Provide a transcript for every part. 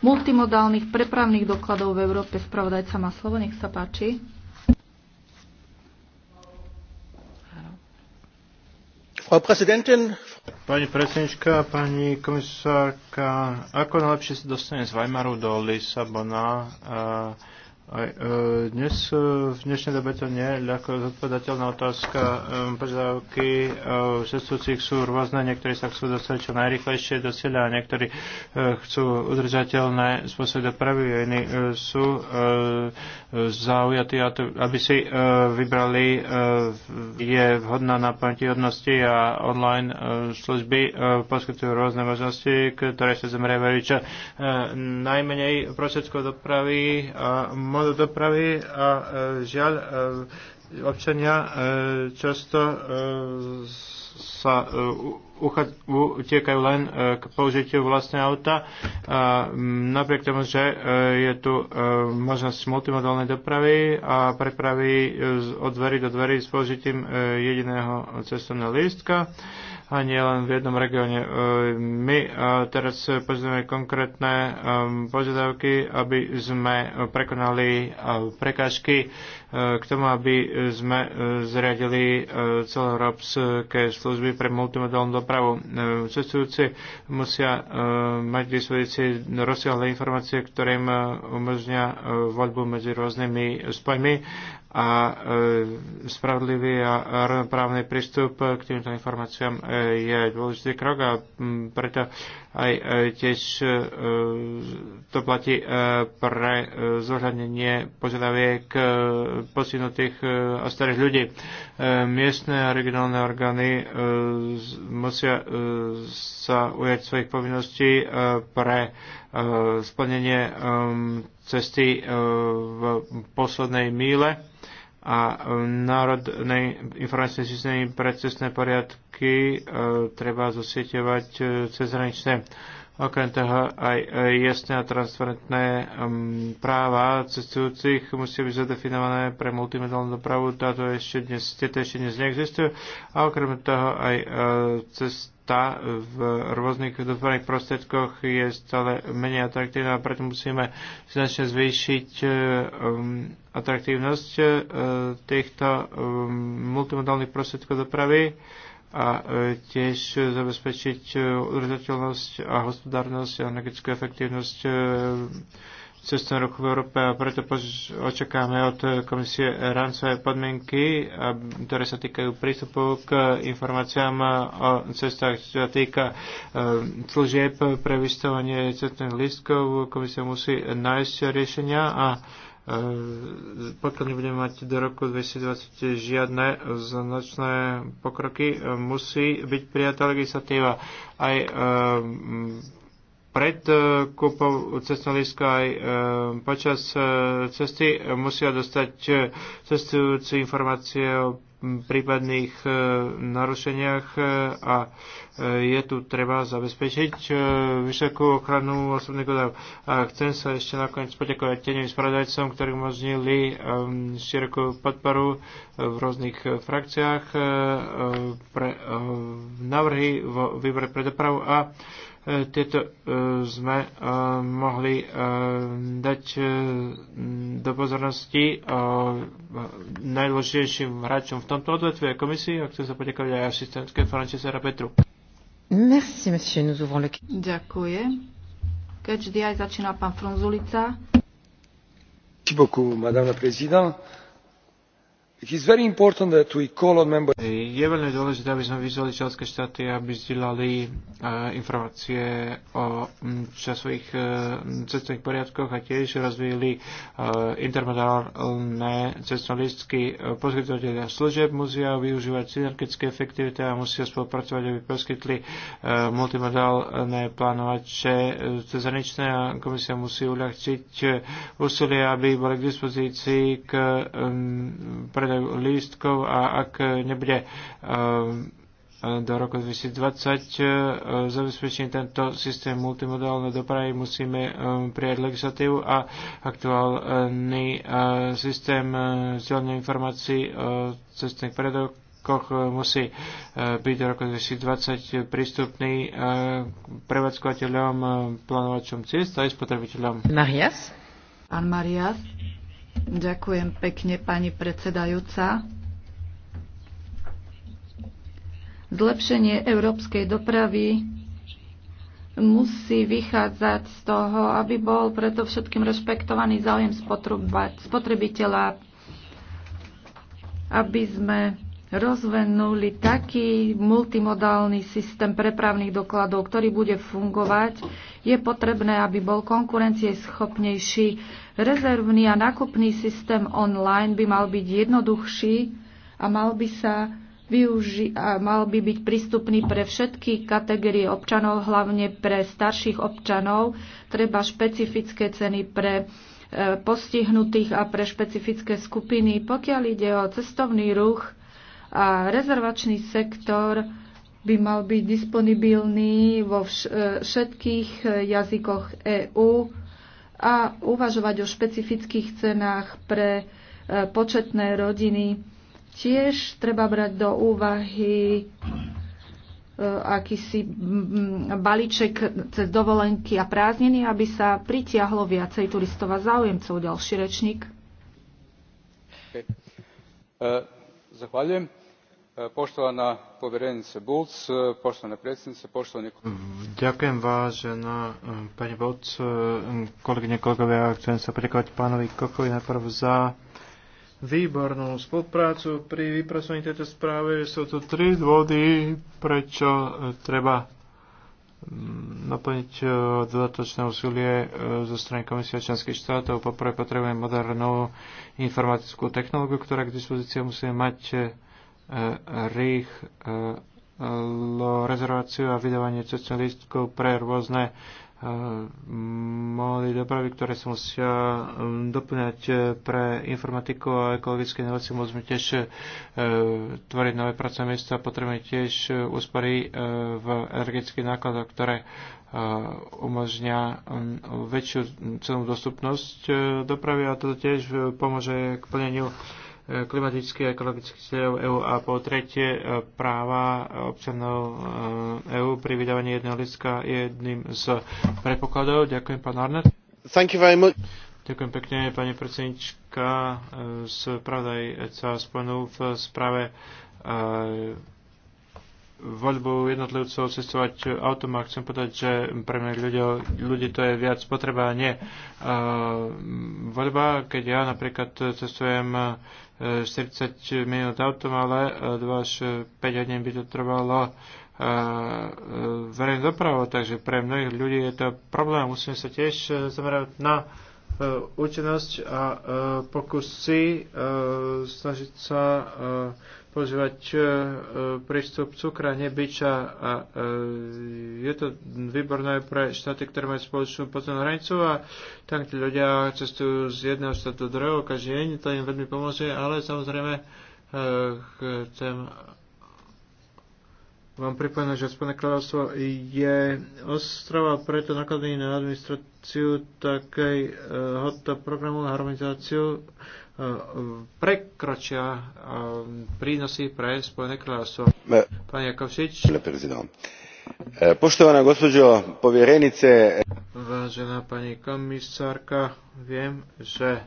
multimodálnych prepravných dokladov v Európe. Spravodajca má slovo, nech sa páči. Pani predsednička, pani komisárka, ako najlepšie sa dostane z Weimaru do Lisabona? Uh, aj, e, dnes e, v dnešnej dobe to nie je ľahko zodpovedateľná otázka. E, požiadavky cestujúcich sú rôzne, niektorí sa chcú dostať čo najrychlejšie do cieľa a niektorí chcú udržateľné spôsoby dopravy, iní sú zaujatí, aby si vybrali je vhodná na hodnosti a online služby poskytujú rôzne možnosti, ktoré sa zameriavajú čo najmenej prostredkov dopravy a téma do dopravy a e, žiaľ e, občania e, často sa utiekajú len k použitiu vlastného auta. A napriek tomu, že je tu možnosť multimodálnej dopravy a prepravy od dverí do dverí s použitím jediného cestovného lístka, a nie len v jednom regióne. E, my e, teraz pozrieme konkrétne e, požiadavky, aby sme prekonali prekážky k tomu, aby sme zriadili celoeurópske služby pre multimodálnu dopravu. Cestujúci musia mať k dispozícii rozsiahle informácie, ktoré im umožňa voľbu medzi rôznymi spojmi a e, spravodlivý a rovnoprávny prístup k týmto informáciám e, je dôležitý krok a preto aj e, tiež e, to platí e, pre zohľadnenie požiadaviek posunutých a starých ľudí. Miestne a regionálne orgány musia sa ujať svojich povinností pre splnenie cesty v poslednej míle a e, národné informačné systémy pre cestné poriadky e, treba zosieťovať e, cezhraničné Okrem toho aj e, jasné a transparentné práva cestujúcich musia byť zadefinované pre multimedálnu dopravu, táto ešte dnes, tieto ešte dnes neexistujú. A okrem toho aj e, cesta v rôznych dopravných prostriedkoch je stále menej atraktívna a preto musíme značne zvýšiť e, atraktívnosť týchto multimodálnych prostriedkov dopravy a e, tiež zabezpečiť e, udržateľnosť a hospodárnosť a energetickú efektívnosť e, cestného roku v Európe a preto očakáme od komisie rámcové podmienky, ktoré sa týkajú prístupu k informáciám o cestách, čo sa týka služieb pre vystavovanie cestných listkov. Komisia musí nájsť riešenia a pokiaľ nebudeme mať do roku 2020 žiadne značné pokroky, musí byť prijatá legislatíva. Aj e, pred e, kúpou cestného lístka aj e, počas cesty musia dostať cestujúci informácie o prípadných e, narušeniach e, a e, je tu treba zabezpečiť vysokú ochranu osobných údajov. A chcem sa ešte nakoniec poďakovať teným spravodajcom, ktorí umožnili širokú podporu v rôznych frakciách pre návrhy vo výbore pre dopravu a tieto e, sme e, mohli e, dať do pozornosti najdôležitejším hráčom v tomto odvetvi a komisii a chcem sa poďakovať aj asistentke Francesera Petru. Merci, monsieur. Nous ouvrons le... Ďakujem. Keďže aj začína pán Frunzulica. Merci beaucoup, madame la présidente. Je veľmi dôležité, aby sme vyzvali členské štáty, aby zdieľali e, informácie o časových e, cestných poriadkoch a tiež rozvíjali e, intermodálne cestné listky. Poskytovateľia služieb musia využívať synergické efektivity a musia spolupracovať, aby poskytli multimodálne plánovače cezhraničné a komisia musí uľahčiť úsilie, aby boli k dispozícii k pred miliardov lístkov a ak nebude eh, do roku 2020 eh, zabezpečený tento systém multimodálnej dopravy musíme eh, prijať legislatívu a aktuálny systém zdieľania informácií o cestných predokoch musí byť do roku 2020 prístupný prevádzkovateľom, plánovačom ciest aj spotrebiteľom. Marias. Pán Marias. Ďakujem pekne, pani predsedajúca. Zlepšenie európskej dopravy musí vychádzať z toho, aby bol preto všetkým rešpektovaný záujem spotrebiteľa, aby sme rozvenuli taký multimodálny systém prepravných dokladov, ktorý bude fungovať, je potrebné, aby bol konkurencieschopnejší. Rezervný a nákupný systém online by mal byť jednoduchší a mal by sa využi- a mal by byť prístupný pre všetky kategórie občanov, hlavne pre starších občanov. Treba špecifické ceny pre e, postihnutých a pre špecifické skupiny. Pokiaľ ide o cestovný ruch, a rezervačný sektor by mal byť disponibilný vo e, všetkých e, jazykoch EÚ a uvažovať o špecifických cenách pre e, početné rodiny. Tiež treba brať do úvahy akýsi balíček cez dovolenky a prázdniny, aby sa pritiahlo viacej turistov a záujemcov. Ďalší rečník. Okay. Uh, zahvaľujem E, poštovana povjerenice bulc e, poštovana predsjednice poštovani mm, Ďakujem vážená e, pani Bulc, kolegyne, kolegovia, chcem sa poďakovať pánovi Kokovi najprv za výbornú spoluprácu pri vypracovaní tejto správy. Sú tu tri dôvody, prečo treba mm, naplniť dodatočné úsilie zo strany Komisie členských štátov. Poprvé potrebujeme modernú informatickú technológiu, ktorá k dispozícii musíme mať rýchlo eh, rezerváciu a vydávanie cestných lístkov pre rôzne eh, módy dopravy, ktoré sa musia eh, doplňať pre informatiku a ekologické inovácie. Môžeme tiež tvoriť nové pracovné miesta a potrebujeme tiež úspory v energetických nákladoch, ktoré umožňa mm, väčšiu mm, celú dostupnosť dopravy a toto tiež pomôže k plneniu klimatických a ekologických cieľov EÚ a po tretie e, práva občanov EÚ e pri vydávaní jedného listka je jedným z predpokladov. Ďakujem, pán Arnett. Thank you very much. Ďakujem pekne, pani predsednička. Spravodajca e, spomenul v správe voľbu jednotlivcov cestovať autom a chcem povedať, že pre mňa ľudí, ľudí to je viac potreba a nie uh, voľba. Keď ja napríklad cestujem 40 e, minút autom, ale 2 e, až 5 hodín by to trvalo e, verejnú dopravu, takže pre mnohých ľudí je to problém. Musíme sa tiež zamerať na účinnosť a pokusy snažiť sa používať e, e, prístup cukra, nebyča a e, je to výborné pre štáty, ktoré majú spoločnú potom hranicu a tam, tí ľudia cestujú z jedného štátu do druhého každý deň, to im veľmi pomôže, ale samozrejme chcem vám pripomenúť, že Spojené kráľovstvo je ostrova, preto nakladný na administráciu takejhoto programu na harmonizáciu prekročia eh, prínosy pre Spojené kráľovstvo. Pán Jakovšič. Eh, Poštovaná gospođo povierenice. Eh, Vážená pani komisárka, viem, že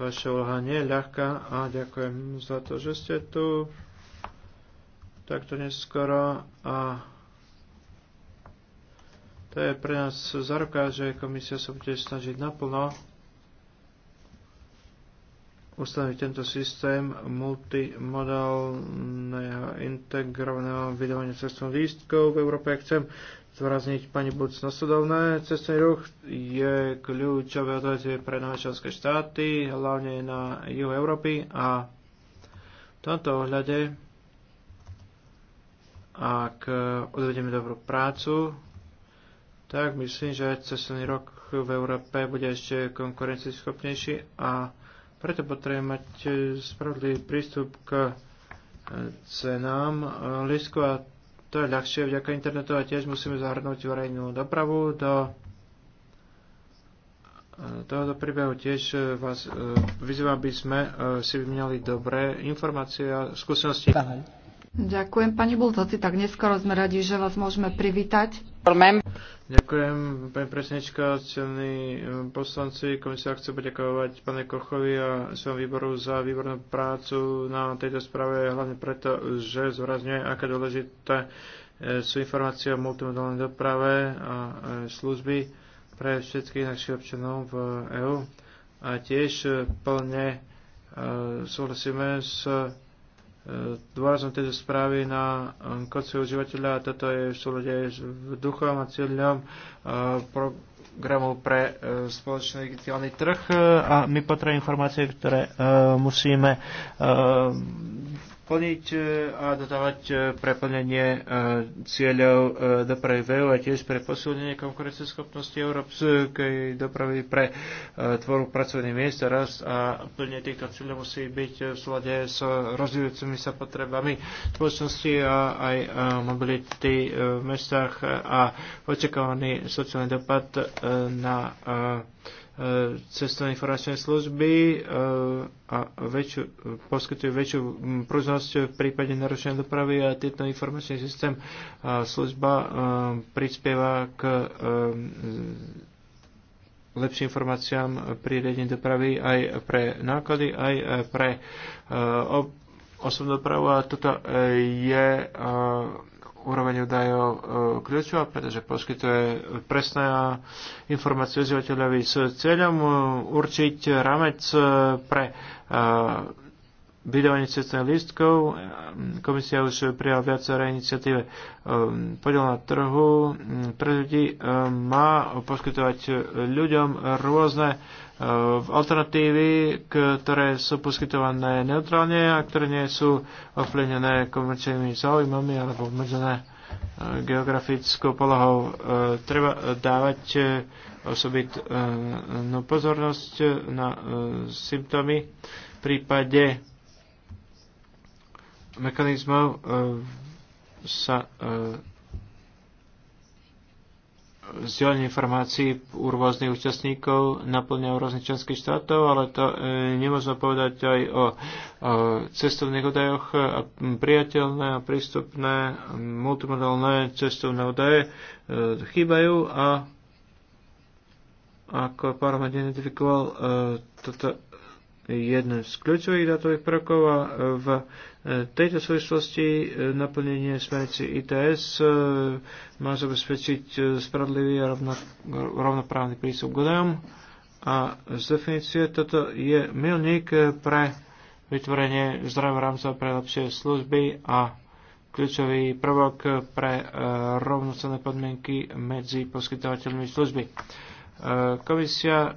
vaša úloha nie je ľahká a ďakujem za to, že ste tu takto neskoro a to je pre nás záruka, že komisia sa bude snažiť naplno ustanoviť tento systém multimodálneho integrovaného vydávania cestovných lístkov v Európe. Chcem zvrazniť pani Buc nasledovné. Cestný ruch je kľúčové odvetvie pre nové členské štáty, hlavne na juhu Európy a v tomto ohľade ak odvedieme dobrú prácu, tak myslím, že cestovný rok v Európe bude ešte konkurencieschopnejší a preto potrebujeme mať e, spravodlivý prístup k e, cenám e, lístku a to je ľahšie vďaka internetu a tiež musíme zahrnúť verejnú dopravu do tohoto príbehu tiež vás vyzývam, aby sme si vymenali dobré informácie a skúsenosti. Ďakujem, pani Bultoci, tak neskoro sme radi, že vás môžeme privítať. Ďakujem, pani presnečka, cení eh, poslanci. Komisia chce poďakovať pane Kochovi a svojom výboru za výbornú prácu na tejto správe, hlavne preto, že zvrazňuje, aké dôležité eh, sú informácie o multimodálnej doprave a eh, služby pre všetkých našich občanov v EÚ. A tiež plne súhlasíme s dôrazom tejto správy na um, konci užívateľa a toto je v súlade s duchom a cieľom uh, programu pre uh, spoločný digitálny trh uh, a my potrebujeme informácie, ktoré musíme plniť e, a dodávať e, preplnenie e, cieľov dopravy EU a tiež pre posilnenie konkurenceschopnosti európskej dopravy pre tvorbu pracovných miest a rast a plnenie týchto cieľov musí byť v súlade s rozvíjajúcimi sa potrebami spoločnosti a aj mobility v mestách a očakávaný sociálny dopad na E, cestovné informačné služby e, a väčšiu, poskytujú väčšiu prúznosť v prípade narušenia dopravy a tieto informačný systém a služba e, prispieva k lepším informáciám pri riadení dopravy aj pre náklady, aj pre osobnú dopravu a toto je úroveň údajov e, kľúčová, pretože poskytuje presné informácie užívateľovi s cieľom e, určiť ramec e, pre vydávanie cestných lístkov. Komisia už prijala viaceré iniciatíve. Ehm, podiel na trhu ehm, pre ľudí ehm, má poskytovať e, ľuďom rôzne e, alternatívy, ktoré sú poskytované neutrálne a ktoré nie sú ovplyvnené komerčnými záujmami alebo obmedzené e, geografickou polohou. Treba dávať osobitnú no pozornosť na symptómy v prípade mechanizmov e, sa e, zdieľanie informácií u rôznych účastníkov naplňa rôznych členských štátov, ale to uh, nemôžno povedať aj o, o cestovných údajoch a priateľné a prístupné multimodálne cestovné údaje uh, chýbajú a ako parlament identifikoval, uh, toto jeden z kľúčových datových prvkov a v e, tejto súvislosti e, naplnenie smernici ITS e, má zabezpečiť spravodlivý a rovnoprávny prístup k údajom a z definície toto je milník pre vytvorenie zdravého rámca pre lepšie služby a kľúčový prvok pre rovnocenné podmienky medzi poskytovateľmi služby. Komisia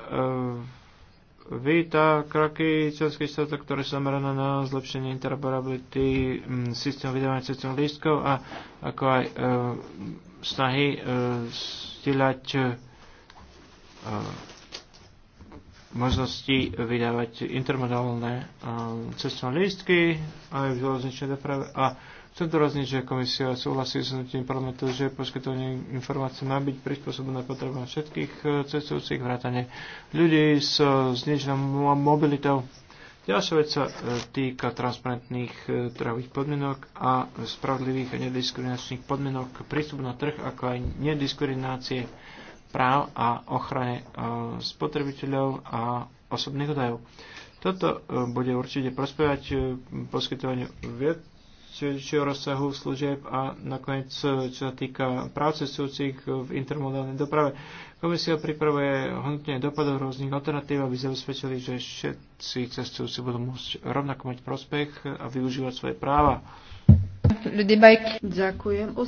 Vita, kroky členských štátov, ktoré sú zamerané na zlepšenie interoperability mm, systému vydávania cestovných lístkov a ako aj e, snahy e, stíľať e, možnosti vydávať intermodálne e, cestovné lístky aj v železničnej doprave a e, Chcem to rozniť, že komisia súhlasí s tým parlamentu, že poskytovanie informácií má byť prispôsobené potrebám všetkých eh, cestujúcich vrátane ľudí s eh, zniženou mobilitou. Ďalšia vec sa eh, týka transparentných trhových podmienok a spravodlivých a nediskriminačných podmienok prístupu na trh, ako aj nediskriminácie práv a ochrane spotrebiteľov a osobných údajov. Toto bude určite prospevať poskytovaniu širšieho rozsahu služieb a nakoniec, čo sa týka práce cestujúcich v intermodálnej doprave. Komisia pripravuje hodnotenie dopadov rôznych alternatív, aby zabezpečili, že všetci cestujúci budú môcť rovnako mať prospech a využívať svoje práva. Ďakujem.